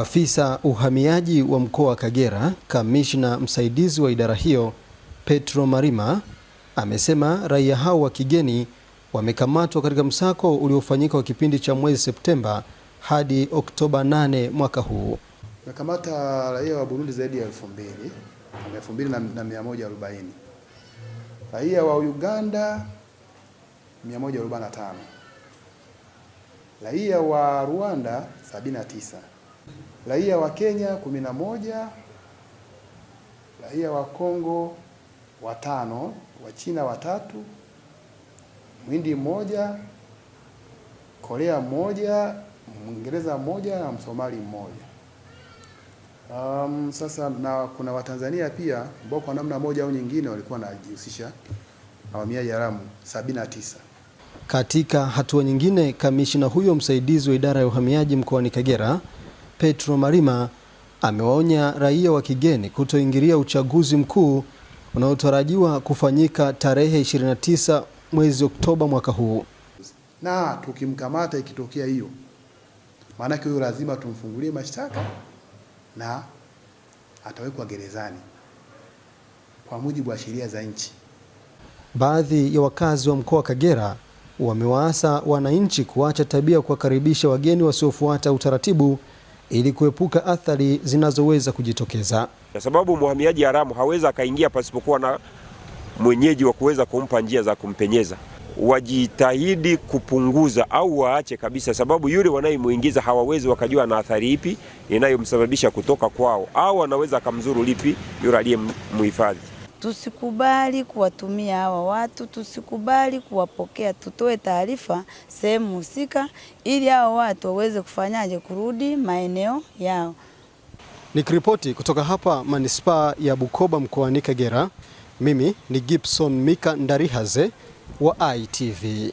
Afisa uhamiaji wa mkoa wa Kagera, kamishna msaidizi wa idara hiyo Petro Marima amesema raia hao wa kigeni wamekamatwa katika msako uliofanyika wa kipindi cha mwezi Septemba hadi Oktoba 8 mwaka huu. Wamekamata raia wa Burundi zaidi ya 2000 na raia wa Uganda 145, raia wa Rwanda 79 raia wa Kenya kumi na moja, raia wa Kongo watano, wa China watatu, Mwindi mmoja, Korea mmoja, Mwingereza mmoja na Msomali mmoja. Um, sasa na kuna Watanzania pia ambao kwa namna moja au nyingine walikuwa wanajihusisha na wahamiaji haramu tisa. Katika hatua nyingine, kamishina huyo msaidizi wa idara ya uhamiaji mkoani Kagera Petro Malima amewaonya raia wa kigeni kutoingilia uchaguzi mkuu unaotarajiwa kufanyika tarehe 29 mwezi Oktoba mwaka huu. Na tukimkamata ikitokea hiyo, maanake huyo lazima tumfungulie mashtaka na atawekwa gerezani kwa mujibu wa sheria za nchi. Baadhi ya wakazi wa mkoa wa Kagera wamewaasa wananchi kuacha tabia kuwakaribisha wageni wasiofuata utaratibu ili kuepuka athari zinazoweza kujitokeza, kwa sababu mhamiaji haramu haweza akaingia pasipokuwa na mwenyeji wa kuweza kumpa njia za kumpenyeza. Wajitahidi kupunguza au waache kabisa, sababu yule wanayemwingiza hawawezi wakajua na athari ipi inayomsababisha kutoka kwao, au anaweza akamzuru lipi yule aliyemhifadhi. Tusikubali kuwatumia hawa watu, tusikubali kuwapokea. Tutoe taarifa sehemu husika, ili hawa watu waweze kufanyaje kurudi maeneo yao. Nikiripoti kutoka hapa manispaa ya Bukoba mkoani Kagera, mimi ni Gibson Mika Ndarihaze wa ITV.